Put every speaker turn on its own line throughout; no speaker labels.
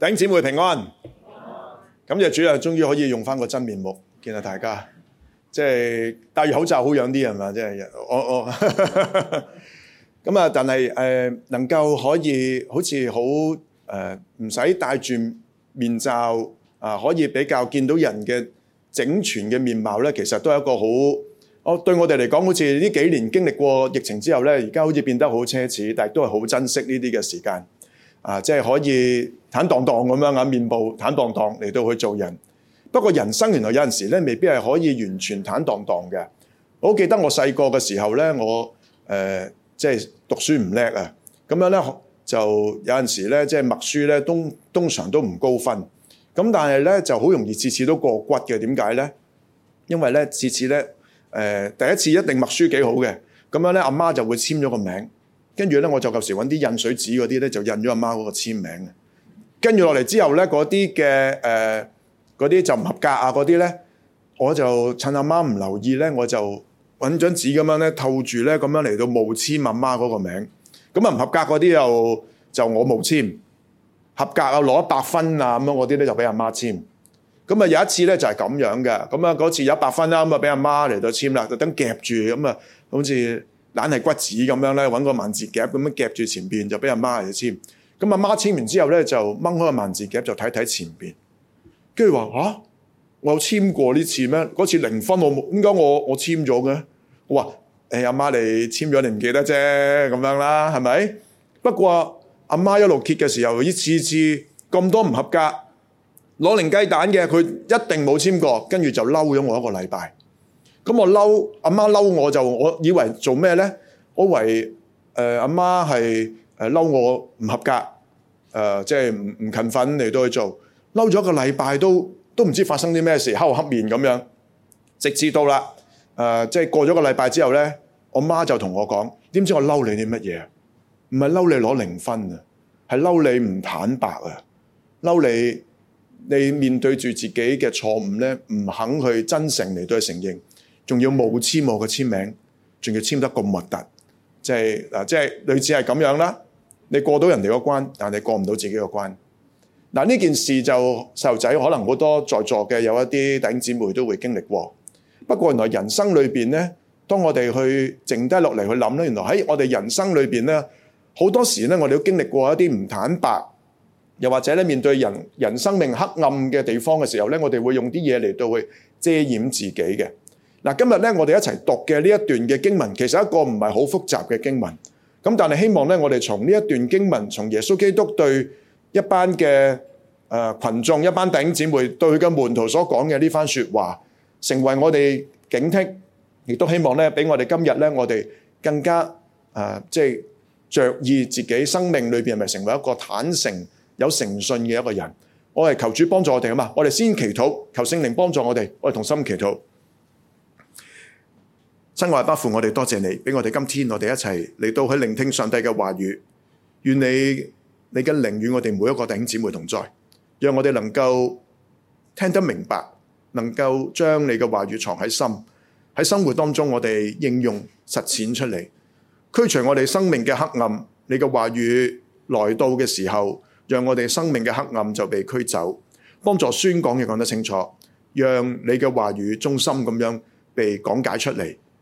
弟兄姊妹平安，感謝主啊，終於可以用翻個真面目見下大家，即係戴住口罩好樣啲係嘛？即係我我，咁、哦、啊，哦、 但係誒、呃、能夠可以好似好誒唔使戴住面罩啊、呃，可以比較見到人嘅整全嘅面貌咧，其實都係一個好，我、哦、對我哋嚟講，好似呢幾年經歷過疫情之後咧，而家好似變得好奢侈，但係都係好珍惜呢啲嘅時間。啊，即係可以坦蕩蕩咁樣眼面部坦蕩蕩嚟到去做人。不過人生原來有陣時咧，未必係可以完全坦蕩蕩嘅。我記得我細個嘅時候咧，我誒即係讀書唔叻啊，咁樣咧就有陣時咧即係默書咧，通通常都唔高分。咁但係咧就好容易次次都過骨嘅，點解咧？因為咧次次咧誒第一次一定默書幾好嘅，咁樣咧阿媽就會簽咗個名。跟住咧，我就舊時揾啲印水紙嗰啲咧，就印咗阿媽嗰個簽名。跟住落嚟之後咧，嗰啲嘅誒嗰啲就唔合格啊！嗰啲咧，我就趁阿媽唔留意咧，我就揾張紙咁樣咧透住咧，咁樣嚟到冒簽阿媽嗰個名。咁啊唔合格嗰啲又就我冒簽，合格啊攞一百分啊咁樣嗰啲咧就俾阿媽簽。咁啊有一次咧就係、是、咁樣嘅，咁啊嗰次有一百分啦，咁啊俾阿媽嚟到簽啦，夾就等夾住咁啊，好似。攬係骨子咁樣咧，揾個萬字夾咁樣夾住前邊就俾阿媽嚟簽。咁阿媽簽完之後咧，就掹開個萬字夾就睇睇前邊。跟住話嚇，我有簽過呢次咩？嗰次零分我冇，點解我我簽咗嘅？我話誒阿媽你簽咗，你唔記得啫，咁樣啦，係咪？不過阿媽一路揭嘅時候，一次次咁多唔合格，攞零雞蛋嘅佢一定冇簽過，跟住就嬲咗我一個禮拜。咁我嬲阿媽嬲我就我以為做咩咧？我以為誒阿媽係誒嬲我唔合格，誒即係唔唔勤奮嚟到去做，嬲咗一個禮拜都都唔知發生啲咩事，黑黑面咁樣，直至到啦誒即係過咗個禮拜之後咧，我媽就同我講：點知我嬲你啲乜嘢？唔係嬲你攞零分啊，係嬲你唔坦白啊，嬲你你面對住自己嘅錯誤咧，唔肯去真誠嚟到去承認。仲要無簽我嘅簽名，仲要簽得咁核突，即係嗱，即係類似係咁樣啦。你過到人哋個關，但係你過唔到自己個關嗱。呢件事就細路仔，可能好多在座嘅有一啲弟兄姊妹都會經歷過。不過原來人生裏邊咧，當我哋去靜低落嚟去諗咧，原來喺我哋人生裏邊咧，好多時咧，我哋都經歷過一啲唔坦白，又或者咧，面對人人生命黑暗嘅地方嘅時候咧，我哋會用啲嘢嚟到去遮掩自己嘅。嗱，今日咧我哋一齊讀嘅呢一段嘅經文，其實一個唔係好複雜嘅經文。咁但係希望咧，我哋從呢一段經文，從耶穌基督對一班嘅誒群眾、一班弟兄姊妹對佢嘅門徒所講嘅呢番說話，成為我哋警惕，亦都希望咧俾我哋今日咧我哋更加誒即係着意自己生命裏邊係咪成為一個坦誠、有誠信嘅一個人？我係求主幫助我哋啊嘛！我哋先祈禱，求聖靈幫助我哋，我哋同心祈禱。神話包富，我哋多謝你俾我哋今天，我哋一齊嚟到去聆聽上帝嘅話語。願你你嘅靈與我哋每一個弟兄姊妹同在，讓我哋能夠聽得明白，能夠將你嘅話語藏喺心，喺生活當中我哋應用實踐出嚟，驅除我哋生命嘅黑暗。你嘅話語來到嘅時候，讓我哋生命嘅黑暗就被驅走，幫助宣講嘅講得清楚，讓你嘅話語中心咁樣被講解出嚟。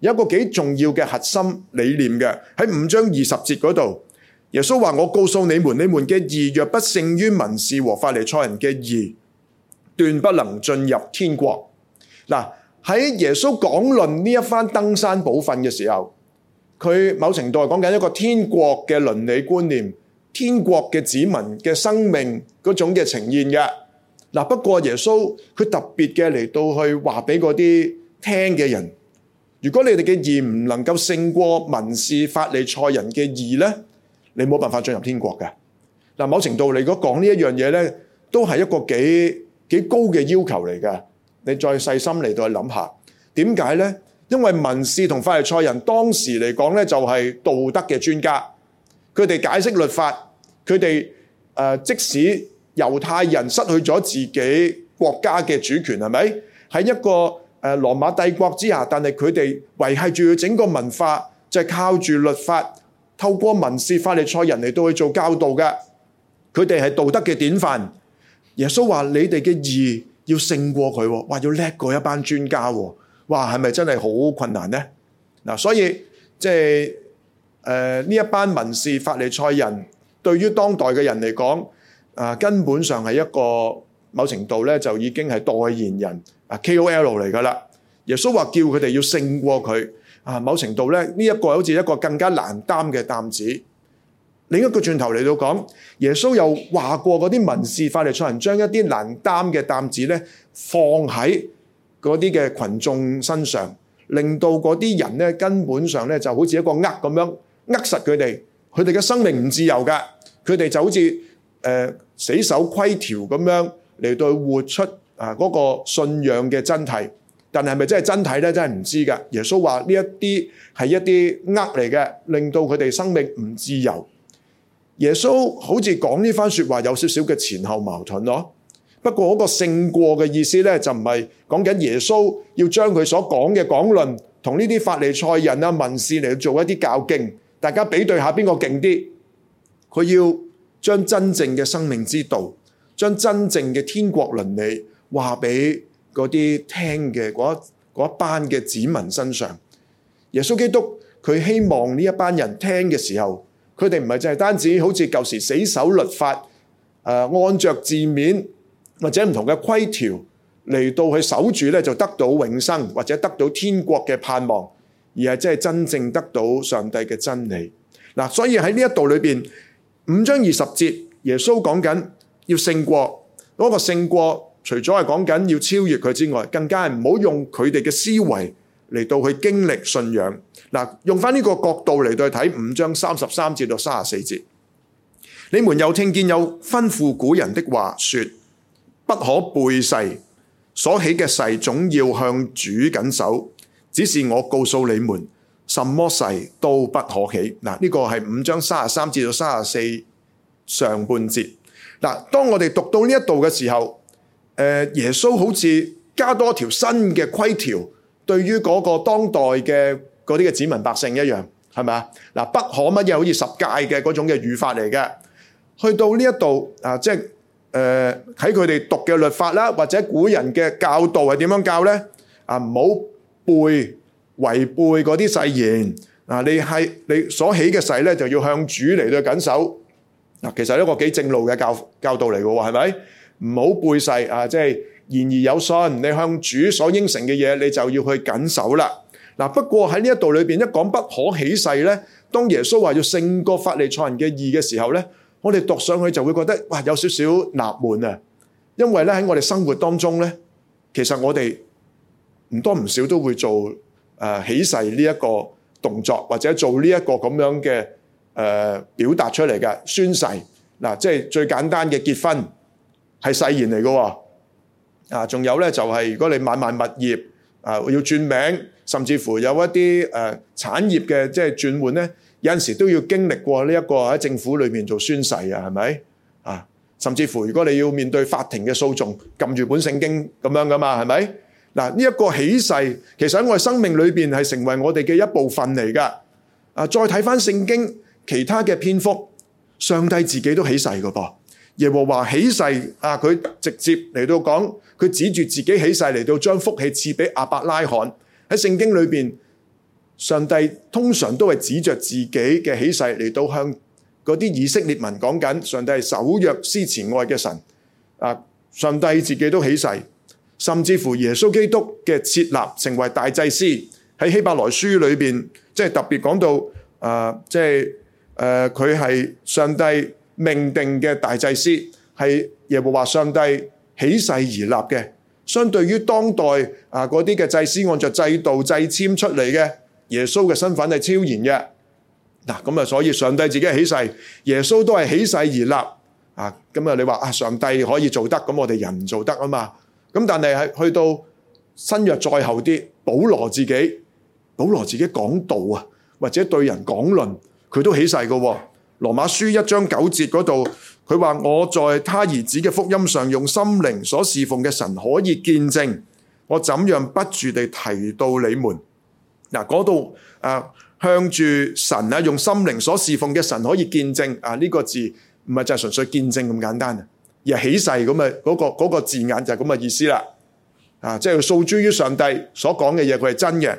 有一個幾重要嘅核心理念嘅，喺五章二十節嗰度，耶穌話：我告訴你們，你們嘅義若不勝於文士和法利賽人嘅義，斷不能進入天國。嗱，喺耶穌講論呢一番登山寶訓嘅時候，佢某程度係講緊一個天國嘅倫理觀念、天國嘅子民嘅生命嗰種嘅呈現嘅。嗱，不過耶穌佢特別嘅嚟到去話俾嗰啲聽嘅人。如果你哋嘅義唔能夠勝過文士法利賽人嘅義咧，你冇辦法進入天國嘅。嗱，某程度嚟講講呢一樣嘢咧，都係一個幾幾高嘅要求嚟嘅。你再細心嚟到去諗下，點解咧？因為文士同法利賽人當時嚟講咧，就係道德嘅專家，佢哋解釋律法，佢哋誒即使猶太人失去咗自己國家嘅主權，係咪係一個？誒羅馬帝國之下，但係佢哋維係住整個文化，就係靠住律法，透過民事法利賽人嚟到去做教導嘅。佢哋係道德嘅典範。耶穌話：你哋嘅義要勝過佢，話要叻過一班專家，話係咪真係好困難呢？嗱、啊，所以即係誒呢一班民事法利賽人，對於當代嘅人嚟講，啊根本上係一個某程度咧就已經係代言人。K.O.L. 嚟噶啦，耶穌話叫佢哋要勝過佢啊。某程度咧，呢、這、一個好似一個更加難擔嘅擔子。另一個轉頭嚟到講，耶穌又話過嗰啲文士法利賽人將一啲難擔嘅擔子咧放喺嗰啲嘅群眾身上，令到嗰啲人咧根本上咧就好似一個軛咁樣扼實佢哋，佢哋嘅生命唔自由噶，佢哋就好似誒、呃、死守規條咁樣嚟到活出。啊！嗰、那個信仰嘅真諦，但係係咪真係真諦呢？真係唔知㗎。耶穌話呢一啲係一啲呃嚟嘅，令到佢哋生命唔自由。耶穌好似講呢番説話有少少嘅前後矛盾咯。不過嗰個勝過嘅意思呢，就唔係講緊耶穌要將佢所講嘅講論同呢啲法利賽人啊、文士嚟做一啲較勁，大家比對下邊個勁啲。佢要將真正嘅生命之道，將真正嘅天國倫理。話俾嗰啲聽嘅嗰一班嘅子民身上，耶穌基督佢希望呢一班人聽嘅時候，佢哋唔係淨係單止好似舊時死守律法，誒、呃、按著字面或者唔同嘅規條嚟到去守住呢，就得到永生或者得到天國嘅盼望，而係真係真正得到上帝嘅真理。嗱、呃，所以喺呢一度裏邊，五章二十節，耶穌講緊要勝過，嗰個勝過。除咗係講緊要超越佢之外，更加係唔好用佢哋嘅思維嚟到去經歷信仰。嗱，用翻呢個角度嚟到睇五章三十三至到三十四節，你們又聽見有吩咐古人的話說：不可背誓所起嘅誓，總要向主謹守。只是我告訴你們，什麼誓都不可起。嗱，呢個係五章三十三至到三十四上半節。嗱，當我哋讀到呢一度嘅時候，誒耶穌好似加多條新嘅規條，對於嗰個當代嘅嗰啲嘅子民百姓一樣，係咪啊？嗱，不可乜嘢，好似十戒嘅嗰種嘅語法嚟嘅。去到呢一度啊，即係誒喺佢哋讀嘅律法啦，或者古人嘅教導係點樣教咧？啊，唔好背違背嗰啲誓言啊！你係你所起嘅誓咧，就要向主嚟到緊守。嗱、啊，其實一個幾正路嘅教教導嚟嘅喎，係咪？唔好背誓啊！即係言而有信，你向主所應承嘅嘢，你就要去謹守啦。嗱，不過喺呢一度裏邊，一講不可起誓咧，當耶穌話要勝過法利賽人嘅義嘅時候咧，我哋讀上去就會覺得哇，有少少納悶啊！因為咧喺我哋生活當中咧，其實我哋唔多唔少都會做誒起誓呢一個動作，或者做呢一個咁樣嘅誒表達出嚟嘅宣誓。嗱，即係最簡單嘅結婚。係誓言嚟，噶。啊就是，啊，仲有咧就係如果你買賣物業啊，要轉名，甚至乎有一啲誒、呃、產業嘅即係轉換咧，有陣時都要經歷過呢一個喺政府裏面做宣誓啊，係咪啊？甚至乎如果你要面對法庭嘅訴訟，撳住本聖經咁樣噶嘛，係咪？嗱，啊，呢、這、一個起誓，其實喺我哋生命裏邊係成為我哋嘅一部分嚟噶。啊，再睇翻聖經其他嘅篇幅，上帝自己都起誓噶噃。耶和華起誓啊！佢直接嚟到講，佢指住自己起誓嚟到將福氣賜俾亞伯拉罕喺聖經裏邊，上帝通常都係指着自己嘅起誓嚟到向嗰啲以色列民講緊，上帝係守約施慈愛嘅神啊！上帝自己都起誓，甚至乎耶穌基督嘅設立成為大祭司喺希伯來書裏邊，即係特別講到啊、呃，即係佢係上帝。命定嘅大祭司係耶和華上帝起誓而立嘅，相對於當代啊，嗰啲嘅祭司按照制度祭簽出嚟嘅，耶穌嘅身份係超然嘅。嗱咁啊，所以上帝自己係起誓，耶穌都係起誓而立啊。咁啊，你話啊，上帝可以做得，咁我哋人唔做得啊嘛。咁但係係去到新約再後啲，保羅自己，保羅自己講道啊，或者對人講論，佢都起誓噶。羅馬書一章九節嗰度，佢話，我在他兒子嘅福音上，用心靈所侍奉嘅神可以見證，我怎樣不住地提到你們。嗱、啊，嗰度啊，向住神啊，用心靈所侍奉嘅神可以見證啊，呢、這個字唔係就係純粹見證咁簡單啊，而係起誓咁嘅嗰個、那個字眼就係咁嘅意思啦。啊，即係訴諸於上帝所講嘅嘢，佢係真嘅。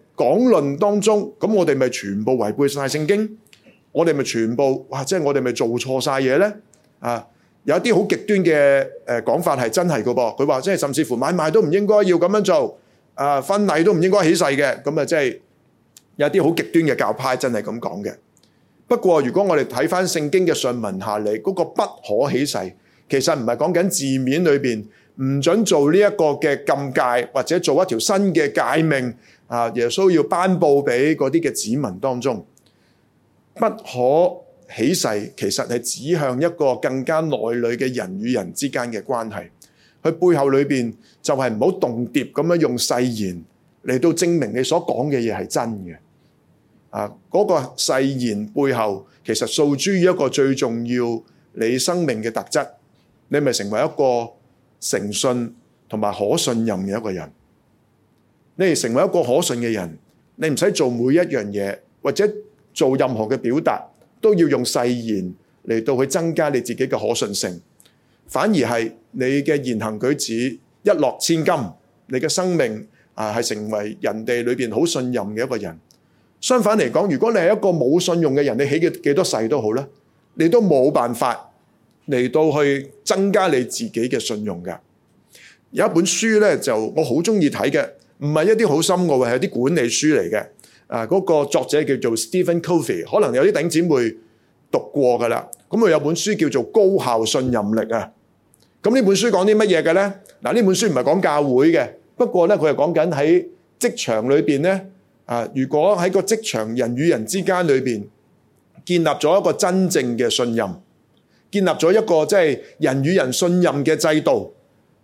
講論當中，咁我哋咪全部違背晒聖經，我哋咪全部，或者係我哋咪做錯晒嘢呢？有一啲好極端嘅誒講法係真係噶噃，佢話即係甚至乎買賣都唔應該要咁樣做啊，婚禮都唔應該起誓嘅，咁啊即係有啲好極端嘅教派真係咁講嘅。不過如果我哋睇翻聖經嘅上文下理，嗰個不可起誓，其實唔係講緊字面裏邊唔准做呢一個嘅禁戒，或者做一條新嘅誡命。啊！耶穌要頒布俾嗰啲嘅子民當中，不可起誓，其實係指向一個更加內裏嘅人與人之間嘅關係。佢背後裏邊就係唔好動輒咁樣用誓言嚟到證明你所講嘅嘢係真嘅。啊！嗰個誓言背後，其實訴諸於一個最重要你生命嘅特質，你咪成為一個誠信同埋可信任嘅一個人。你成為一個可信嘅人，你唔使做每一樣嘢，或者做任何嘅表達，都要用誓言嚟到去增加你自己嘅可信性。反而係你嘅言行舉止一諾千金，你嘅生命啊係成為人哋裏邊好信任嘅一個人。相反嚟講，如果你係一個冇信用嘅人，你起嘅幾多誓都好咧，你都冇辦法嚟到去增加你自己嘅信用嘅。有一本書咧，就我好中意睇嘅。唔係一啲好深奧嘅，係啲管理書嚟嘅。啊，嗰、那個作者叫做 Stephen Covey，可能有啲頂姊妹讀過㗎啦。咁、嗯、佢有本書叫做《高效信任力》啊。咁呢本書講啲乜嘢嘅咧？嗱、啊，呢本書唔係講教會嘅，不過咧佢係講緊喺職場裏邊咧。啊，如果喺個職場人與人之間裏邊建立咗一個真正嘅信任，建立咗一個即係人與人信任嘅制度，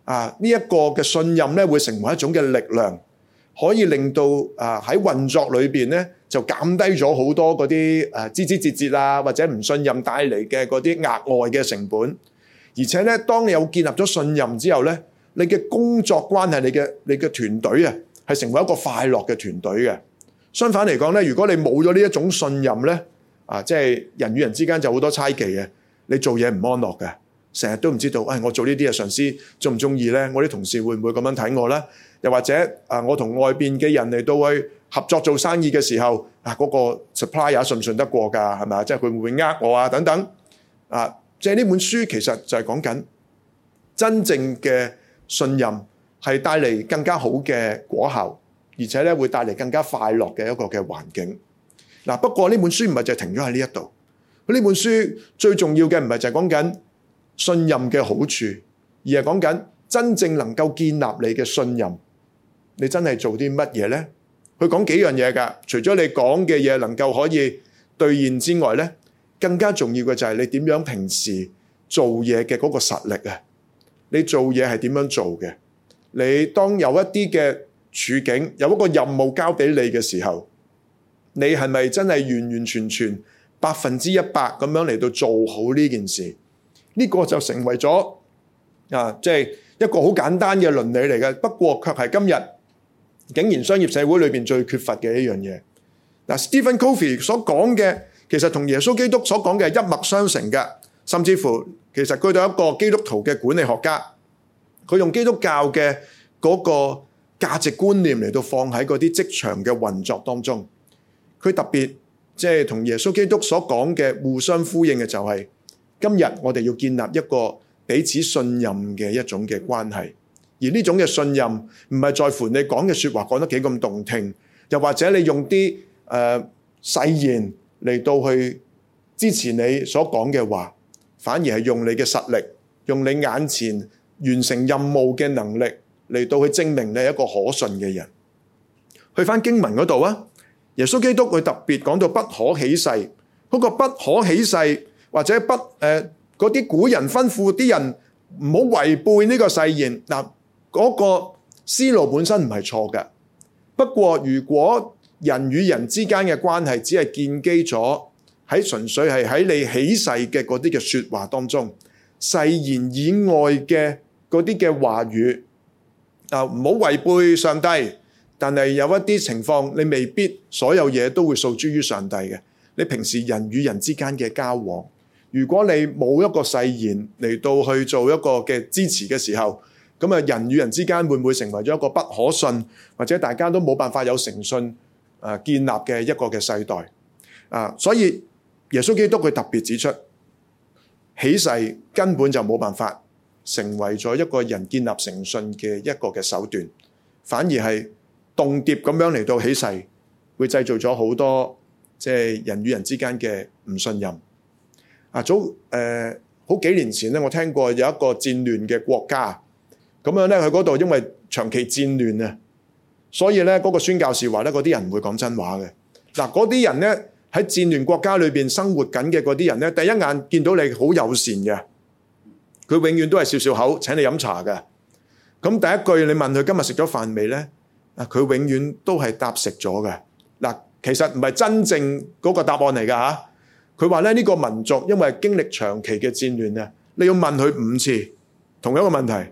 啊，呢、這、一個嘅信任咧會成為一種嘅力量。可以令到啊喺運作裏邊咧，就減低咗好多嗰啲誒枝枝節節啊，或者唔信任帶嚟嘅嗰啲額外嘅成本。而且咧，當你有建立咗信任之後咧，你嘅工作關係、你嘅你嘅團隊啊，係成為一個快樂嘅團隊嘅。相反嚟講咧，如果你冇咗呢一種信任咧，啊，即係人與人之間就好多猜忌嘅、啊，你做嘢唔安樂嘅，成日都唔知道，誒、哎，我做呢啲嘢上司中唔中意咧？我啲同事會唔會咁樣睇我咧？又或者啊，我同外邊嘅人嚟到去合作做生意嘅時候，啊嗰個 supplier 信唔信得過噶係咪啊？即係佢會唔會呃我啊？等等啊，即係呢本書其實就係講緊真正嘅信任係帶嚟更加好嘅果效，而且咧會帶嚟更加快樂嘅一個嘅環境。嗱、啊，不過呢本書唔係就係停咗喺呢一度。呢本書最重要嘅唔係就係講緊信任嘅好處，而係講緊真正能夠建立你嘅信任。你真係做啲乜嘢呢？佢講幾樣嘢㗎？除咗你講嘅嘢能夠可以兌現之外呢，更加重要嘅就係你點樣平時做嘢嘅嗰個實力啊！你做嘢係點樣做嘅？你當有一啲嘅處境，有一個任務交俾你嘅時候，你係咪真係完完全全百分之一百咁樣嚟到做好呢件事？呢個就成為咗啊！即係一個好簡單嘅倫理嚟嘅，不過卻係今日。竟然商業社會裏面最缺乏嘅一樣嘢，嗱 Stephen Covey 所講嘅，其實同耶穌基督所講嘅一脈相承嘅，甚至乎其實佢到一個基督徒嘅管理學家，佢用基督教嘅嗰個價值觀念嚟到放喺嗰啲職場嘅運作當中，佢特別即係同耶穌基督所講嘅互相呼應嘅就係、是，今日我哋要建立一個彼此信任嘅一種嘅關係。而呢種嘅信任唔係在乎你講嘅説話講得幾咁動聽，又或者你用啲誒、呃、誓言嚟到去支持你所講嘅話，反而係用你嘅實力，用你眼前完成任務嘅能力嚟到去證明你係一個可信嘅人。去翻經文嗰度啊，耶穌基督佢特別講到不可起誓，嗰、嗰個不可起誓或者不誒嗰啲古人吩咐啲人唔好違背呢個誓言嗱。嗰個思路本身唔係錯嘅，不過如果人與人之間嘅關係只係建基咗喺純粹係喺你起誓嘅嗰啲嘅説話當中，誓言以外嘅嗰啲嘅話語啊，唔好違背上帝。但係有一啲情況，你未必所有嘢都會訴諸於上帝嘅。你平時人與人之間嘅交往，如果你冇一個誓言嚟到去做一個嘅支持嘅時候。咁啊！人與人之間會唔會成為咗一個不可信，或者大家都冇辦法有誠信建立嘅一個嘅世代啊，所以耶穌基督佢特別指出起誓根本就冇辦法成為咗一個人建立誠信嘅一個嘅手段，反而係動輒咁樣嚟到起誓，會製造咗好多即係人與人之間嘅唔信任啊。早誒、呃、好幾年前咧，我聽過有一個戰亂嘅國家。咁樣咧，佢嗰度因為長期戰亂啊，所以咧嗰個宣教士話咧，嗰啲人唔會講真話嘅。嗱，嗰啲人咧，喺戰亂國家裏邊生活緊嘅嗰啲人咧，第一眼見到你好友善嘅，佢永遠都係笑笑口請你飲茶嘅。咁第一句你問佢今日食咗飯未咧，啊，佢永遠都係答食咗嘅。嗱，其實唔係真正嗰個答案嚟㗎嚇。佢話咧呢個民族因為經歷長期嘅戰亂啊，你要問佢五次同一個問題。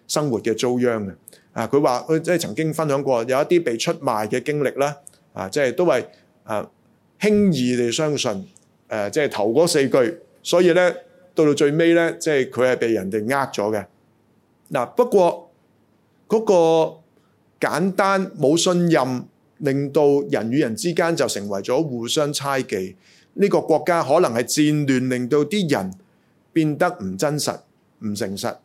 生活嘅遭殃嘅，啊，佢話佢即係曾經分享過有一啲被出賣嘅經歷啦，啊，即係都係啊，輕易地相信，誒，即係頭嗰四句，所以咧到到最尾咧，即係佢係被人哋呃咗嘅。嗱，不過嗰個簡單冇信任，令到人與人之間就成為咗互相猜忌。呢個國家可能係戰亂，令到啲人變得唔真實、唔誠實。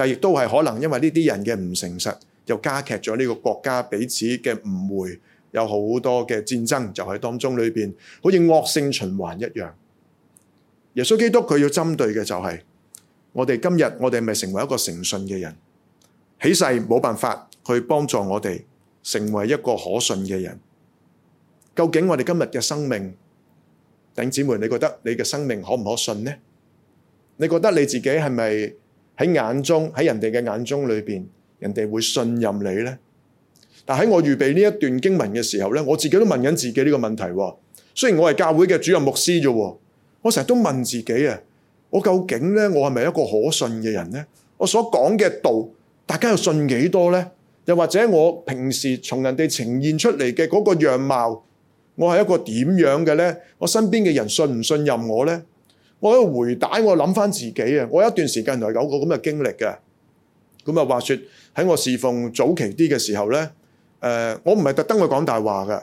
但亦都係可能，因為呢啲人嘅唔誠實，又加劇咗呢個國家彼此嘅誤會，有好多嘅戰爭就喺當中裏邊，好似惡性循環一樣。耶穌基督佢要針對嘅就係我哋今日，我哋係咪成為一個誠信嘅人。起誓冇辦法去幫助我哋成為一個可信嘅人。究竟我哋今日嘅生命，頂姊妹，你覺得你嘅生命可唔可信呢？你覺得你自己係咪？喺眼中，喺人哋嘅眼中裏邊，人哋會信任你呢？但喺我預備呢一段經文嘅時候呢，我自己都問緊自己呢個問題。雖然我係教會嘅主任牧師啫，我成日都問自己啊，我究竟呢？我係咪一個可信嘅人呢？我所講嘅道，大家又信幾多呢？又或者我平時從人哋呈現出嚟嘅嗰個樣貌，我係一個點樣嘅呢？我身邊嘅人信唔信任我呢？」我喺度回帶，我諗翻自己啊！我有一段時間原來有個咁嘅經歷嘅。咁啊，話說喺我侍奉早期啲嘅時候咧，誒、呃，我唔係特登去講大話嘅。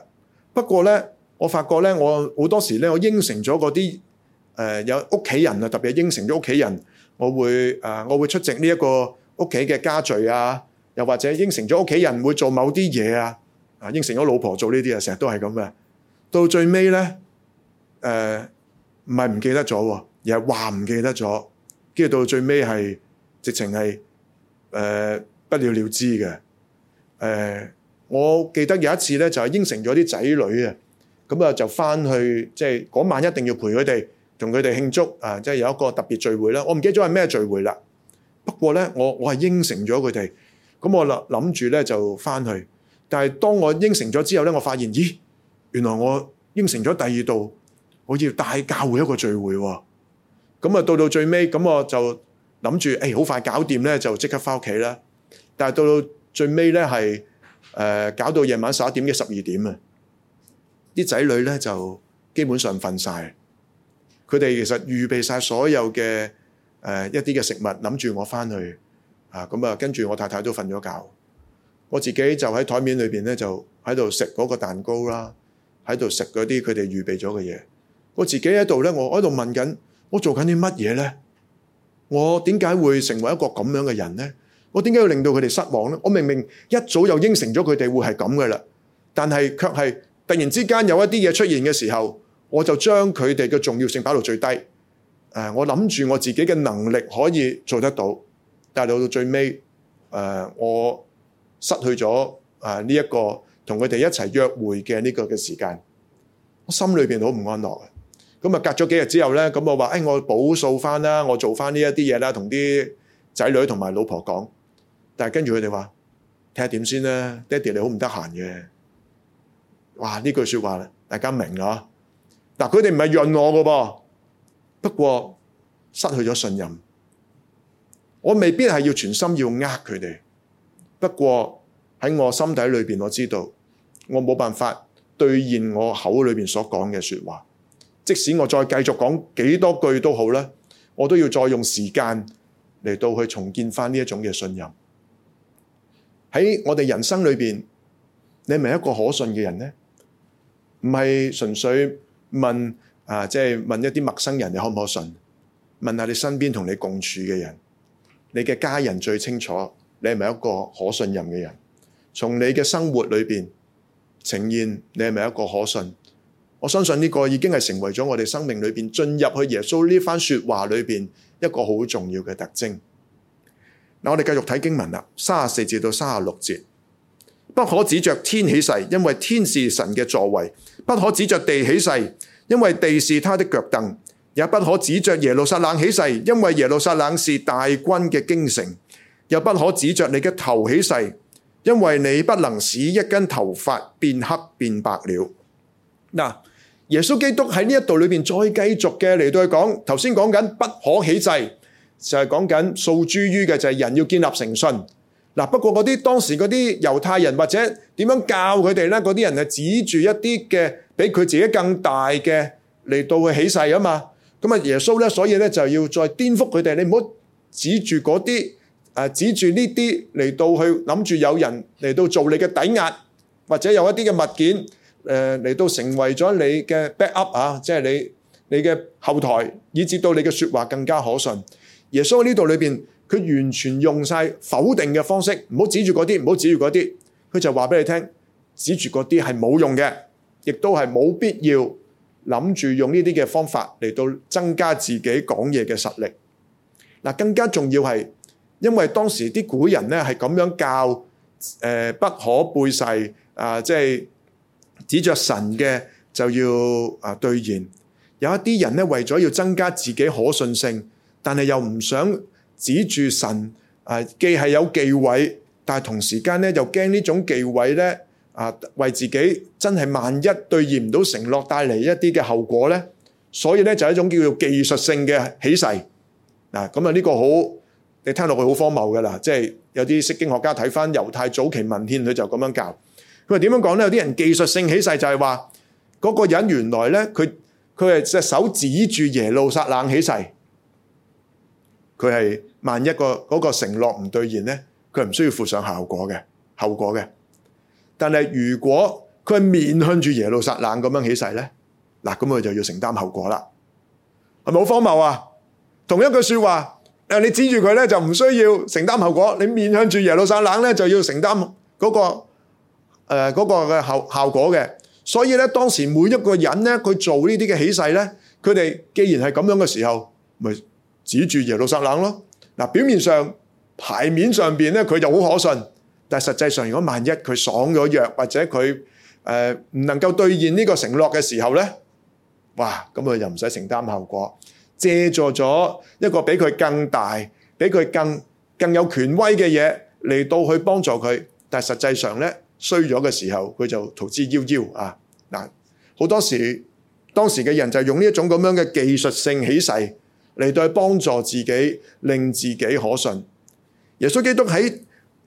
不過咧，我發覺咧，我好多時咧，我應承咗嗰啲誒，有屋企人啊，特別應承咗屋企人，我會誒、呃，我會出席呢一個屋企嘅家聚啊，又或者應承咗屋企人會做某啲嘢啊，啊，應承咗老婆做呢啲啊，成日都係咁嘅。到最尾咧，誒、呃，唔係唔記得咗，啊。又話唔記得咗，跟住到最尾係直情係誒，不了了之嘅。誒，我記得有一次咧，就係應承咗啲仔女呀，咁啊就翻去，即係嗰晚一定要陪佢哋，同佢哋慶祝啊，即係有一個特別聚會啦。我唔記得咗係咩聚會啦。不過咧，我我係應承咗佢哋，咁我諗諗住咧就翻去。但係當我應承咗之後咧，我發現，咦，原來我應承咗第二度我要大教會一個聚會喎。咁啊，到到最尾，咁我就諗住，誒、欸、好快搞掂咧，就即刻翻屋企啦。但係到到最尾咧，係誒、呃、搞到夜晚十一點嘅十二點啊！啲仔女咧就基本上瞓晒。佢哋其實預備晒所有嘅誒、呃、一啲嘅食物，諗住我翻去啊。咁啊，跟住我太太都瞓咗覺，我自己就喺枱面裏邊咧，就喺度食嗰個蛋糕啦，喺度食嗰啲佢哋預備咗嘅嘢。我自己喺度咧，我喺度問緊。我做緊啲乜嘢呢？我點解會成為一個咁樣嘅人呢？我點解要令到佢哋失望呢？我明明一早就應承咗佢哋會係咁嘅啦，但係卻係突然之間有一啲嘢出現嘅時候，我就將佢哋嘅重要性擺到最低。誒、呃，我諗住我自己嘅能力可以做得到，但係到最尾，誒、呃，我失去咗誒呢一個同佢哋一齊約會嘅呢個嘅時間，我心裏邊好唔安樂咁啊，隔咗幾日之後咧，咁我話，誒，我補數翻啦，我做翻呢一啲嘢啦，同啲仔女同埋老婆講。但係跟住佢哋話，睇下點先啦，爹哋你好唔得閒嘅。哇！呢句説話，大家明啦，嗱，佢哋唔係潤我噶噃，不過失去咗信任，我未必係要全心要呃佢哋。不過喺我心底裏邊，我知道我冇辦法兌現我口裏邊所講嘅説話。即使我再繼續講幾多句都好啦，我都要再用時間嚟到去重建翻呢一種嘅信任。喺我哋人生裏邊，你係咪一個可信嘅人呢？唔係純粹問啊，即係問一啲陌生人你可唔可信？問下你身邊同你共處嘅人，你嘅家人最清楚你係咪一個可信任嘅人？從你嘅生活裏邊呈現，你係咪一個可信？我相信呢個已經係成為咗我哋生命裏邊進入去耶穌呢番說話裏邊一個好重要嘅特徵。嗱，我哋繼續睇經文啦，三十四節到三十六節，不可指着天起誓，因為天是神嘅座位；不可指着地起誓，因為地是他的腳凳；也不可指着耶路撒冷起誓，因為耶路撒冷是大君嘅京城；又不可指着你嘅頭起誓，因為你不能使一根頭髮變黑變白了。嗱。Nah. 耶穌基督喺呢一度裏邊再繼續嘅嚟到去講，頭先講緊不可起誓，就係講緊訴諸於嘅就係、是、人要建立誠信。嗱、啊，不過嗰啲當時嗰啲猶太人或者點樣教佢哋呢？嗰啲人係指住一啲嘅比佢自己更大嘅嚟到去起誓啊嘛。咁啊，耶穌呢，所以呢，就要再顛覆佢哋，你唔好指住嗰啲啊，指住呢啲嚟到去諗住有人嚟到做你嘅抵押，或者有一啲嘅物件。誒嚟、呃、到成為咗你嘅 back up 啊，即係你你嘅後台，以至到你嘅説話更加可信。耶穌喺呢度裏邊，佢完全用晒否定嘅方式，唔好指住嗰啲，唔好指住嗰啲，佢就話俾你聽，指住嗰啲係冇用嘅，亦都係冇必要諗住用呢啲嘅方法嚟到增加自己講嘢嘅實力。嗱、呃，更加重要係，因為當時啲古人咧係咁樣教，誒、呃、不可背誓」呃，啊，即係。指着神嘅就要啊兌現，有一啲人咧為咗要增加自己可信性，但係又唔想指住神啊，既係有忌諱，但係同時間咧又驚呢種忌諱咧啊，為自己真係萬一兌現唔到承諾帶嚟一啲嘅後果咧，所以咧就一種叫做技術性嘅起誓嗱，咁啊呢個好你聽落去好荒謬㗎喇，即係有啲釋經學家睇返猶太早期文獻佢就咁樣教。佢點樣講咧？有啲人技術性起誓就係話，嗰個人原來咧，佢佢係隻手指住耶路撒冷起誓，佢係萬一個嗰個承諾唔兌現咧，佢唔需要負上後果嘅後果嘅。但係如果佢係面向住耶路撒冷咁樣起誓咧，嗱咁佢就要承擔後果啦。係咪好荒謬啊？同一句說話，你指住佢咧就唔需要承擔後果，你面向住耶路撒冷咧就要承擔嗰個。誒，嗰個嘅效效果嘅。所以咧當時每一個人咧，佢做呢啲嘅起勢咧，佢哋既然係咁樣嘅時候，咪指住耶路撒冷咯。嗱，表面上牌面上邊咧，佢就好可信，但係實際上如果萬一佢爽咗約或者佢誒唔能夠兌現呢個承諾嘅時候咧，哇！咁佢又唔使承擔後果，藉助咗一個比佢更大、比佢更更有權威嘅嘢嚟到去幫助佢，但係實際上咧。衰咗嘅時候，佢就逃之夭夭啊！嗱，好多時當時嘅人就用呢一種咁樣嘅技術性起誓嚟到幫助自己，令自己可信。耶穌基督喺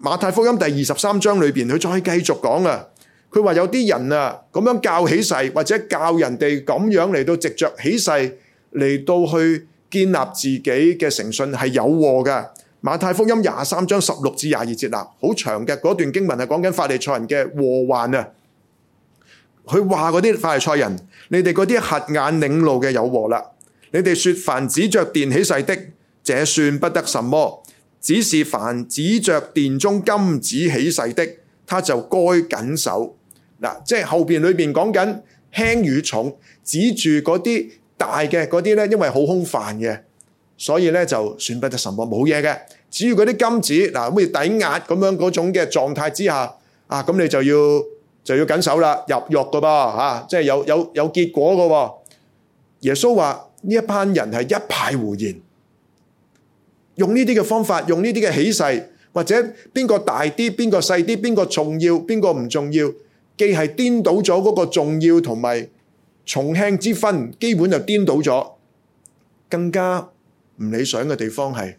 馬太福音第二十三章裏邊，佢再繼續講啊，佢話有啲人啊，咁樣教起誓，或者教人哋咁樣嚟到藉著起誓嚟到去建立自己嘅誠信，係有禍嘅。馬太福音廿三章十六至廿二節，嗱，好長嘅嗰段經文係講緊法利賽人嘅禍患啊！佢話嗰啲法利賽人，你哋嗰啲瞎眼領路嘅有禍啦！你哋説凡指着殿起誓的，這算不得什麼；只是凡指著殿中金子起誓的，他就該謹守嗱、啊。即係後邊裏邊講緊輕與重，指住嗰啲大嘅嗰啲咧，因為好空泛嘅。所以咧就算不得神魔，冇嘢嘅。只要嗰啲金子，嗱，好似抵押咁樣嗰種嘅狀態之下，啊咁你就要就要緊守啦，入獄嘅噃吓，即係有有有結果嘅。耶穌話呢一班人係一派胡言，用呢啲嘅方法，用呢啲嘅起誓，或者邊個大啲，邊個細啲，邊個重要，邊個唔重要，既係顛倒咗嗰個重要同埋重輕之分，基本就顛倒咗，更加。唔理想嘅地方係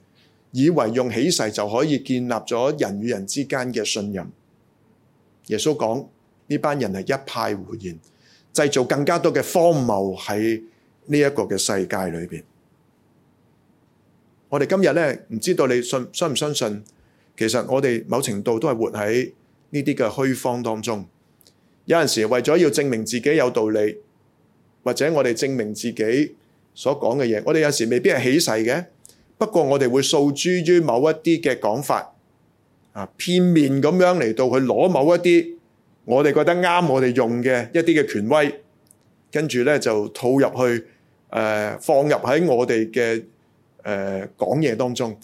以為用起誓就可以建立咗人與人之間嘅信任。耶穌講呢班人係一派胡言，製造更加多嘅荒謬喺呢一個嘅世界裏邊。我哋今日咧唔知道你信信唔相信，信，其實我哋某程度都係活喺呢啲嘅虛荒當中。有陣時為咗要證明自己有道理，或者我哋證明自己。所講嘅嘢，我哋有時未必係起誓嘅，不過我哋會訴諸於某一啲嘅講法啊，片面咁樣嚟到去攞某一啲我哋覺得啱我哋用嘅一啲嘅權威，跟住咧就套入去誒放入喺我哋嘅誒講嘢當中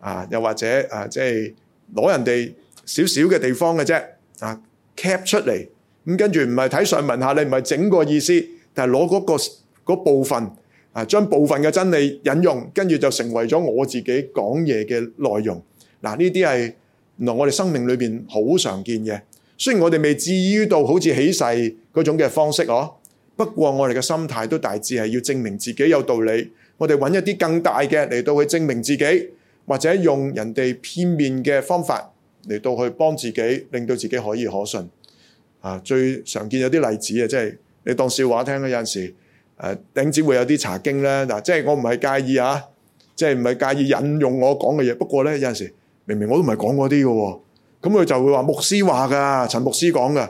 啊，又或者啊，即係攞人哋少少嘅地方嘅啫啊，cap 出嚟咁跟住唔係睇上文下，你唔係整個意思，但係攞嗰個嗰部分。啊，將部分嘅真理引用，跟住就成為咗我自己講嘢嘅內容。嗱，呢啲係原來我哋生命裏邊好常見嘅。雖然我哋未至於到好似起誓嗰種嘅方式，嗬。不過我哋嘅心態都大致係要證明自己有道理。我哋揾一啲更大嘅嚟到去證明自己，或者用人哋片面嘅方法嚟到去幫自己，令到自己可以可信。啊，最常見有啲例子啊，即係你當笑話聽啦，有陣時。誒頂只會有啲查經咧嗱，即係我唔係介意啊，即係唔係介意引用我講嘅嘢。不過咧有陣時，明明我都唔係講嗰啲嘅喎，咁佢就會話牧師話噶，陳牧師講噶，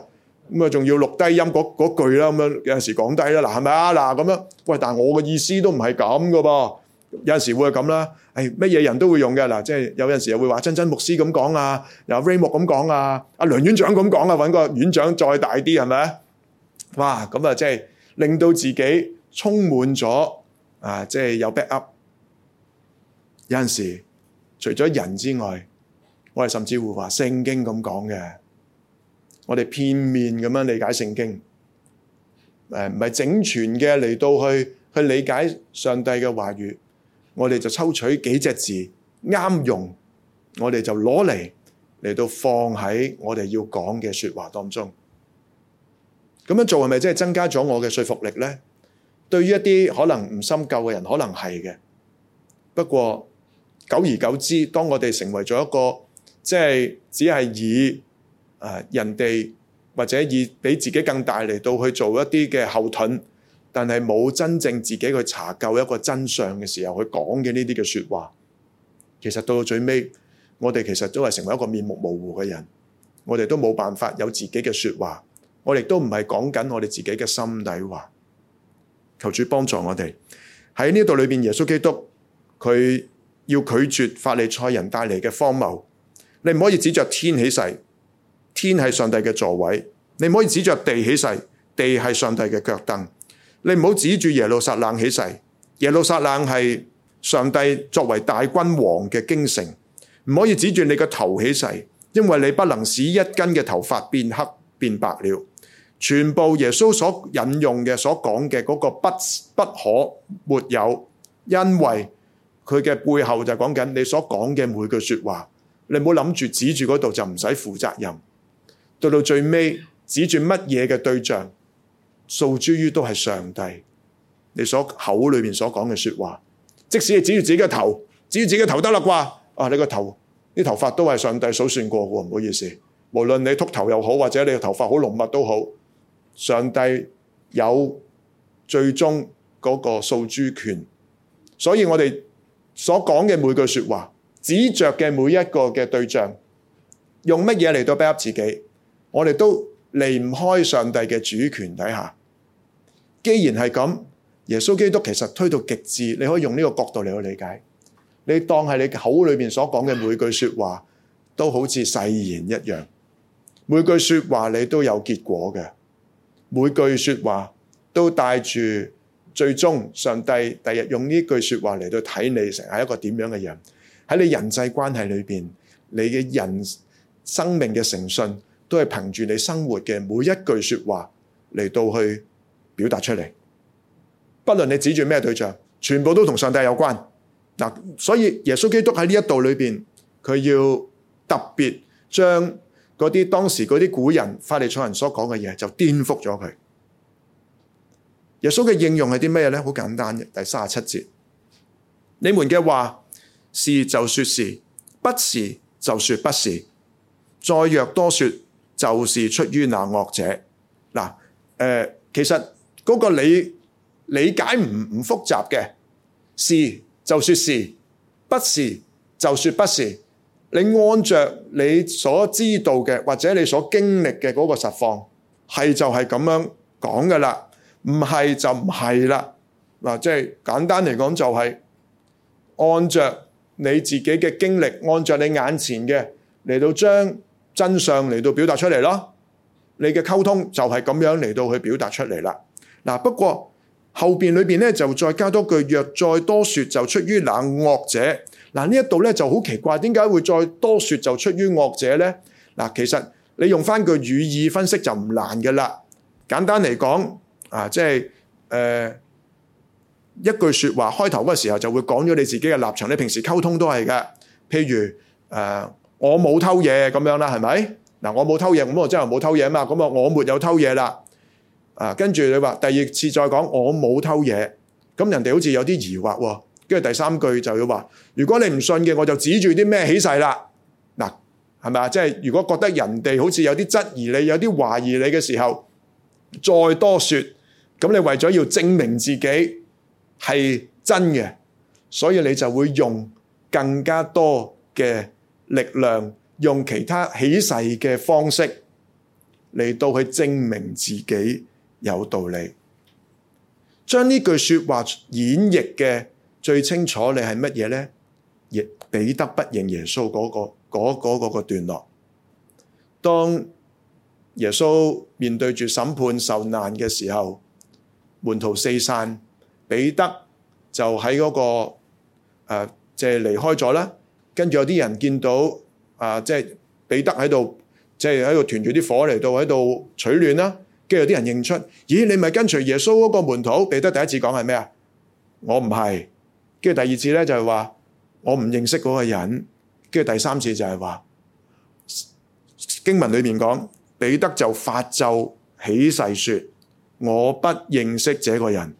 咁啊仲要錄低音嗰嗰句啦，咁樣有陣時講低啦，嗱係咪啊嗱咁樣？喂，但係我嘅意思都唔係咁嘅噃，有陣時會係咁啦。誒咩嘢人都會用嘅嗱，即係有陣時又會話真真牧師咁講啊，又 Ray 牧咁講啊，阿梁院長咁講啊，揾個院長再大啲係咪啊？哇！咁啊即係～令到自己充滿咗啊！即係有 backup。有陣時，除咗人之外，我哋甚至會話聖經咁講嘅。我哋片面咁樣理解聖經，誒唔係整全嘅嚟到去去理解上帝嘅話語。我哋就抽取幾隻字啱用，我哋就攞嚟嚟到放喺我哋要講嘅説話當中。咁樣做係咪即係增加咗我嘅說服力呢？對於一啲可能唔深究嘅人，可能係嘅。不過久而久之，當我哋成為咗一個即係只係以、呃、人哋或者以比自己更大嚟到去做一啲嘅後盾，但係冇真正自己去查究一個真相嘅時候，去講嘅呢啲嘅説話，其實到到最尾，我哋其實都係成為一個面目模糊嘅人，我哋都冇辦法有自己嘅説話。我哋都唔係講緊我哋自己嘅心底話，求主幫助我哋喺呢度裏邊。耶穌基督佢要拒絕法利賽人帶嚟嘅荒謬。你唔可以指着天起誓，天係上帝嘅座位；你唔可以指着地起誓，地係上帝嘅腳凳。你唔好指住耶路撒冷起誓，耶路撒冷係上帝作為大君王嘅京城。唔可以指住你個頭起誓，因為你不能使一根嘅頭髮變黑變白了。全部耶穌所引用嘅、所講嘅嗰個不不可沒有，因為佢嘅背後就講緊你所講嘅每句説話，你唔好諗住指住嗰度就唔使負責任。到到最尾指住乜嘢嘅對象，訴諸於都係上帝。你所口裏面所講嘅説話，即使你指住自己嘅頭，指住自己嘅頭得啦啩？啊，你個頭啲頭髮都係上帝數算過嘅，唔好意思。無論你禿頭又好，或者你嘅頭髮好濃密都好。上帝有最終嗰個訴諸權，所以我哋所講嘅每句説話，指着嘅每一個嘅對象，用乜嘢嚟到 backup 自己，我哋都離唔開上帝嘅主權底下。既然係咁，耶穌基督其實推到極致，你可以用呢個角度嚟去理解。你當係你口裏面所講嘅每句説話，都好似誓言一樣，每句説話你都有結果嘅。每句說話都帶住，最終上帝第日用呢句說話嚟到睇你，成為一個點樣嘅人？喺你人際關係裏邊，你嘅人生命嘅誠信，都係憑住你生活嘅每一句說話嚟到去表達出嚟。不論你指住咩對象，全部都同上帝有關嗱。所以耶穌基督喺呢一度裏邊，佢要特別將。嗰啲當時嗰啲古人、法利賽人所講嘅嘢，就顛覆咗佢。耶穌嘅應用係啲咩呢？好簡單嘅，第三十七節，你們嘅話是就說是，不是就說不是，再若多說，就是出於那惡者。嗱，誒、呃，其實嗰個理，理解唔唔複雜嘅，是就說是，不是就說不是。你按着你所知道嘅，或者你所經歷嘅嗰個實況，係就係咁樣講噶啦，唔係就唔係啦。嗱，即係簡單嚟講，就係按着你自己嘅經歷，按着你眼前嘅嚟到將真相嚟到表達出嚟咯。你嘅溝通就係咁樣嚟到去表達出嚟啦。嗱，不過後邊裏邊咧就再加多句，若再多說就出於冷惡者。嗱，呢一度咧就好奇怪，點解會再多説就出於惡者咧？嗱，其實你用翻句語意分析就唔難嘅啦。簡單嚟講，啊，即係誒一句説話，開頭嗰時候就會講咗你自己嘅立場。你平時溝通都係嘅，譬如誒、呃，我冇偷嘢咁樣啦，係咪？嗱，我冇偷嘢，咁我真係冇偷嘢啊嘛，咁啊，我沒有偷嘢啦。啊，跟住你話第二次再講我冇偷嘢，咁人哋好似有啲疑惑喎、哦。跟住第三句就要話，如果你唔信嘅，我就指住啲咩起誓啦。嗱，係咪啊？即係如果覺得人哋好似有啲質疑你，有啲懷疑你嘅時候，再多説，咁你為咗要證明自己係真嘅，所以你就會用更加多嘅力量，用其他起誓嘅方式嚟到去證明自己有道理。將呢句説話演繹嘅。最清楚你係乜嘢咧？亦彼得不認耶穌嗰、嗰個、嗰個嗰個嗰個段落。當耶穌面對住審判受難嘅時候，門徒四散，彼得就喺嗰、嗰個誒即係離開咗啦。跟住有啲人見到啊，即、呃、係、就是、彼得喺度，即係喺度團住啲火嚟到喺度取暖啦。跟住有啲人認出，咦，你咪跟隨耶穌嗰個門徒彼得？第一次講係咩啊？我唔係。跟住第二次咧就係話我唔認識嗰個人，跟住第三次就係話經文裏面講彼得就發咒起誓說我不認識這個人。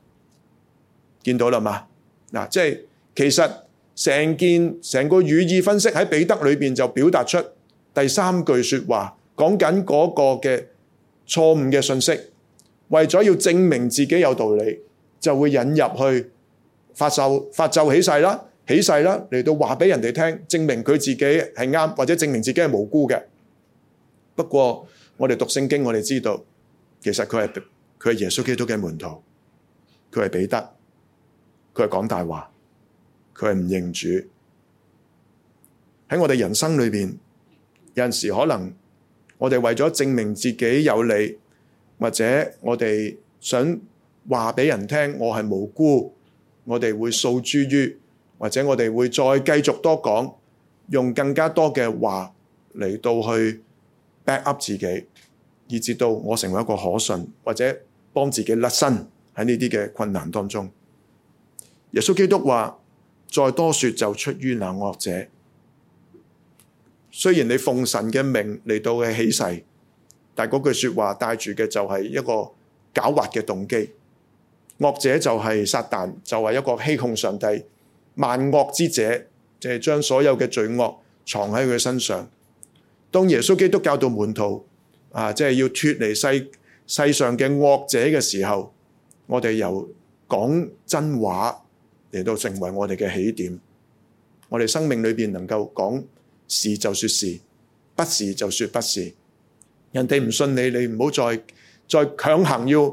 見到啦嘛嗱，即係其實成件成個語義分析喺彼得裏邊就表達出第三句說話講緊嗰個嘅錯誤嘅信息，為咗要證明自己有道理就會引入去。發咒發咒起誓啦，起誓啦嚟，到話俾人哋聽，證明佢自己係啱，或者證明自己係無辜嘅。不過我哋讀聖經，我哋知道，其實佢係佢係耶穌基督嘅門徒，佢係彼得，佢係講大話，佢係唔認主。喺我哋人生裏邊，有陣時可能我哋為咗證明自己有理，或者我哋想話俾人聽，我係無辜。我哋會訴諸於，或者我哋會再繼續多講，用更加多嘅話嚟到去 back up 自己，以至到我成為一個可信，或者幫自己甩身喺呢啲嘅困難當中。耶穌基督話：再多說就出於那惡者。雖然你奉神嘅命嚟到嘅起誓，但嗰句說話帶住嘅就係一個狡猾嘅動機。惡者就係撒旦，就係一個欺控上帝、萬惡之者，即係將所有嘅罪惡藏喺佢身上。當耶穌基督教導門徒，啊，即係要脫離世世上嘅惡者嘅時候，我哋由講真話嚟到成為我哋嘅起點。我哋生命裏邊能夠講是就說是，不是就說不是。人哋唔信你，你唔好再再強行要。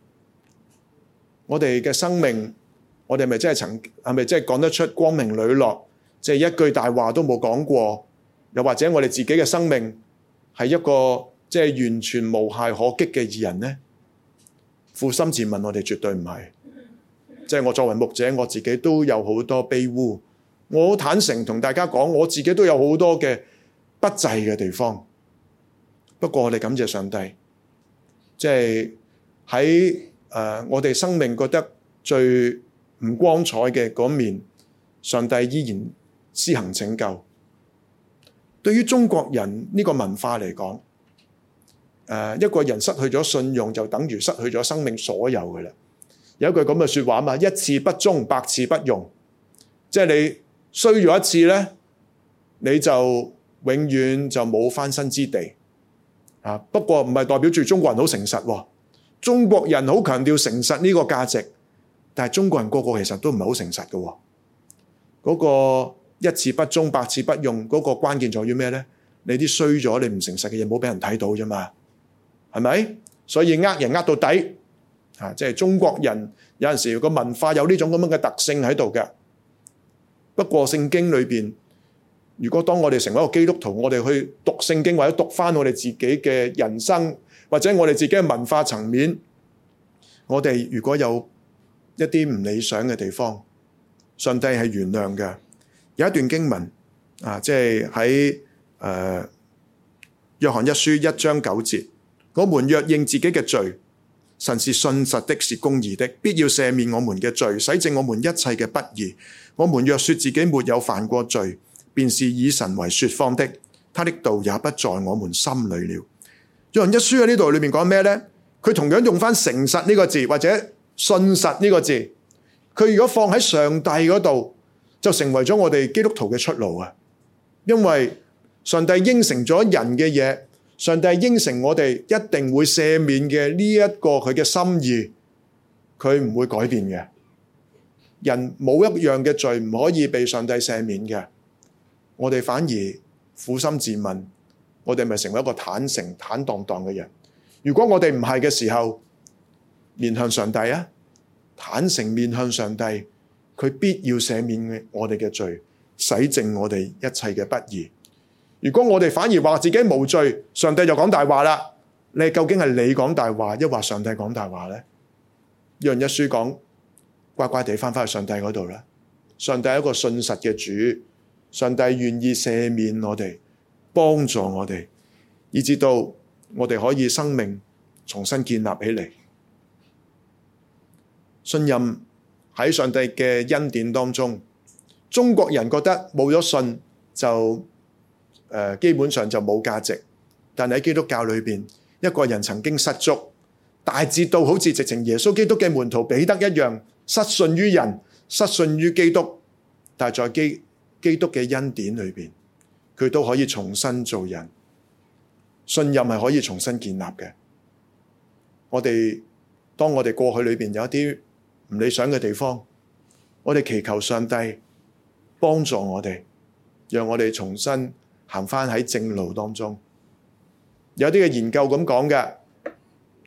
我哋嘅生命，我哋係咪真係曾係咪真係講得出光明磊落，即係一句大話都冇講過？又或者我哋自己嘅生命係一個即係完全無懈可擊嘅義人呢？撫心自問我，我哋絕對唔係。即係我作為牧者，我自己都有好多卑污。我好坦誠同大家講，我自己都有好多嘅不濟嘅地方。不過我哋感謝上帝，即係喺。誒，uh, 我哋生命覺得最唔光彩嘅嗰面，上帝依然施行拯救。對於中國人呢個文化嚟講，誒、uh, 一個人失去咗信用就等於失去咗生命所有嘅啦。有一句咁嘅説話嘛，「一次不忠百次不用。」即係你衰咗一次呢，你就永遠就冇翻身之地。啊、uh, 不過唔係代表住中國人好誠實喎、啊。中國人好強調誠實呢個價值，但係中國人個個其實都唔係好誠實嘅喎。嗰個一次不忠百次不用，嗰個關鍵在於咩呢？你啲衰咗你唔誠實嘅嘢，冇好俾人睇到啫嘛，係咪？所以呃人呃到底，啊，即係中國人有陣時個文化有呢種咁樣嘅特性喺度嘅。不過聖經裏邊，如果當我哋成為一個基督徒，我哋去讀聖經或者讀翻我哋自己嘅人生。或者我哋自己嘅文化層面，我哋如果有一啲唔理想嘅地方，上帝係原諒嘅。有一段經文啊，即係喺誒約翰一書一章九節，我們若認自己嘅罪，神是信實的，是公義的，必要赦免我們嘅罪，洗淨我們一切嘅不義。我們若說自己沒有犯過罪，便是以神為說謊的，他的道也不在我們心裏了。有人一書喺呢度裏面講咩呢？佢同樣用返誠實呢個字或者信實呢個字。佢如果放喺上帝嗰度，就成為咗我哋基督徒嘅出路啊！因為上帝應承咗人嘅嘢，上帝應承我哋一定會赦免嘅呢一個佢嘅心意，佢唔會改變嘅。人冇一樣嘅罪唔可以被上帝赦免嘅，我哋反而苦心自問。我哋咪成為一個坦誠、坦蕩蕩嘅人。如果我哋唔係嘅時候，面向上帝啊，坦誠面向上帝，佢必要赦免我哋嘅罪，洗淨我哋一切嘅不義。如果我哋反而話自己無罪，上帝就講大話啦。你究竟係你講大話，一話上帝講大話呢？讓一書講，乖乖地翻返去上帝嗰度啦。上帝係一個信實嘅主，上帝願意赦免我哋。幫助我哋，以至到我哋可以生命重新建立起嚟。信任喺上帝嘅恩典當中，中國人覺得冇咗信就、呃、基本上就冇價值。但係喺基督教裏邊，一個人曾經失足，大致到好似直情耶穌基督嘅門徒彼得一樣，失信於人，失信於基督。但係在基基督嘅恩典裏邊。佢都可以重新做人，信任係可以重新建立嘅。我哋當我哋過去裏邊有一啲唔理想嘅地方，我哋祈求上帝幫助我哋，讓我哋重新行翻喺正路當中。有啲嘅研究咁講嘅，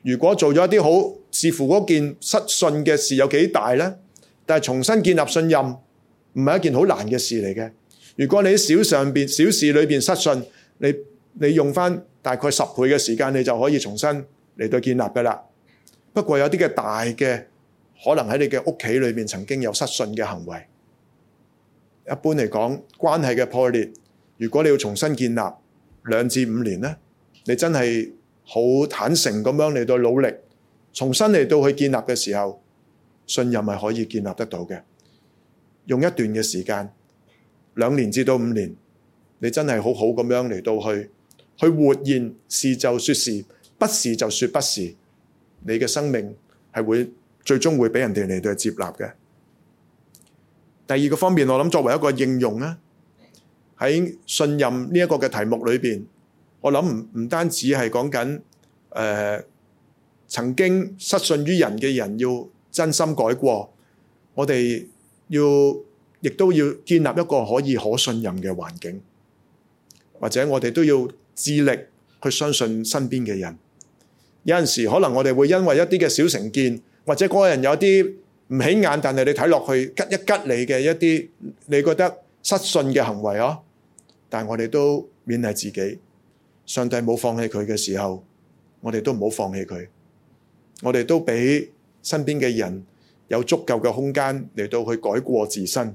如果做咗一啲好視乎嗰件失信嘅事，有幾大咧？但係重新建立信任唔係一件好難嘅事嚟嘅。如果你喺小上邊、小事裏邊失信，你你用翻大概十倍嘅時間，你就可以重新嚟到建立㗎喇。不過有啲嘅大嘅，可能喺你嘅屋企裏面曾經有失信嘅行為。一般嚟講，關係嘅破裂，如果你要重新建立兩至五年咧，你真係好坦誠咁樣嚟到努力，重新嚟到去建立嘅時候，信任係可以建立得到嘅。用一段嘅時間。兩年至到五年，你真係好好咁樣嚟到去去活現，是就説是，不是就説不是。你嘅生命係會最終會俾人哋嚟到接納嘅。第二個方面，我諗作為一個應用咧，喺信任呢一個嘅題目裏面，我諗唔唔單止係講緊誒曾經失信於人嘅人要真心改過，我哋要。亦都要建立一個可以可信任嘅環境，或者我哋都要致力去相信身邊嘅人。有陣時可能我哋會因為一啲嘅小成見，或者嗰個人有啲唔起眼，但係你睇落去吉一吉你嘅一啲，你覺得失信嘅行為哦。但我哋都勉勵自己，上帝冇放棄佢嘅時候，我哋都唔好放棄佢。我哋都俾身邊嘅人有足夠嘅空間嚟到去改過自身。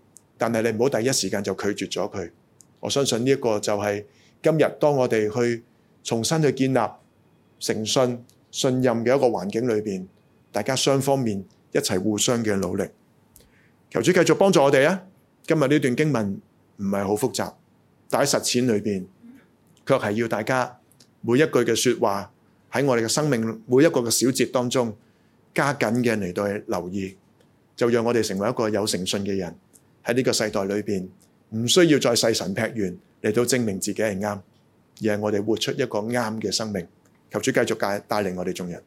但係你唔好第一時間就拒絕咗佢。我相信呢一個就係今日當我哋去重新去建立誠信信任嘅一個環境裏邊，大家雙方面一齊互相嘅努力。求主繼續幫助我哋啊！今日呢段經文唔係好複雜，但喺實踐裏邊卻係要大家每一句嘅説話喺我哋嘅生命每一個嘅小節當中加緊嘅嚟到去留意，就讓我哋成為一個有誠信嘅人。喺呢個世代裏面，唔需要再誓神劈願嚟到證明自己係啱，而係我哋活出一個啱嘅生命。求主繼續帶帶領我哋眾人。